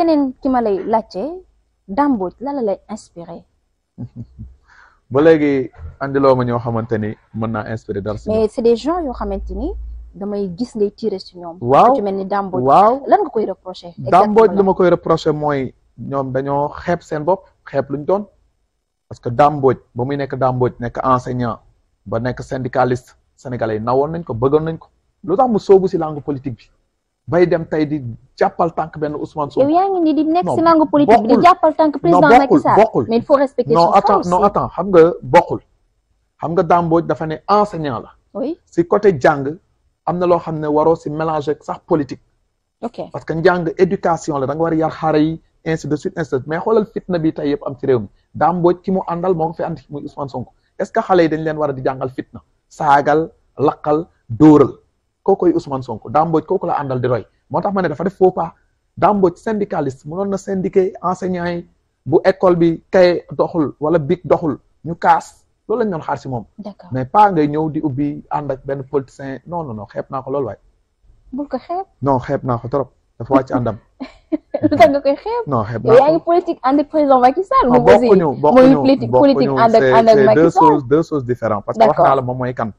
keneen ki ma lay laajte Dame Mbodj la la lay inspiré. ba léegi andiloo ma ñoo xamante ni mën naa inspiré dara. mais c'est des gens yoo xamante ni damay gis ngay tiré si ñoom. waaw ci mel ni waaw lan nga koy reproché. exactement Dame Mbodj lu ma koy reproché mooy ñoom dañoo xeeb seen bopp lu ñu doon. parce que Dame Mbodj ba muy nekk Dame Mbodj nekk enseignant ba nekk syndicaliste sénégalais yi nawoon nañ ko bëggoon nañ ko lu tax mu soobu si langue politique bi. bay dem tey di jàppal tànk benn Ousmane Sonko. yow yaa ngi ni di nekk si nangu politique bi di jàppal tànk président bokkul non attends xam nga bokkul xam nga Dambodj dafa ne enseignant la. si côté jàng am na loo xam ne waroo si mélanger sax politique. ok parce que njàng éducation la da nga war a yar xare yi ainsi de suite ainsi de suite mais xoolal fitna bi tey yëpp am ci réew mi Dambodj ki mu àndal moo ko fi andi muy Ousmane Sonko est que xale yi dañ leen war a di jàngal fitna saagal laqal dóoral. kookoy Ousmane Sonko Dame ko kooku la àndal di roy moo tax ma ne dafa def faux pas Dame Mbodj syndicaliste mënoon na syndiqué enseignants yi bu école bi kay doxul wala big doxul ñu kaas loolu lañ doon xaar si moom. mais pas ngay ñëw di ubbi ànd ak benn politicien non non naa ko loolu waay. bul ko xeeb. ko trop dafa wàcc àndam. lu nga koy xeeb. non xeeb naa ko yaa ngi politique ànd ak président Macky Sall. moom aussi mooy politique ànd ak ànd ak Macky c'est deux choses deux choses différentes moom mooy kan.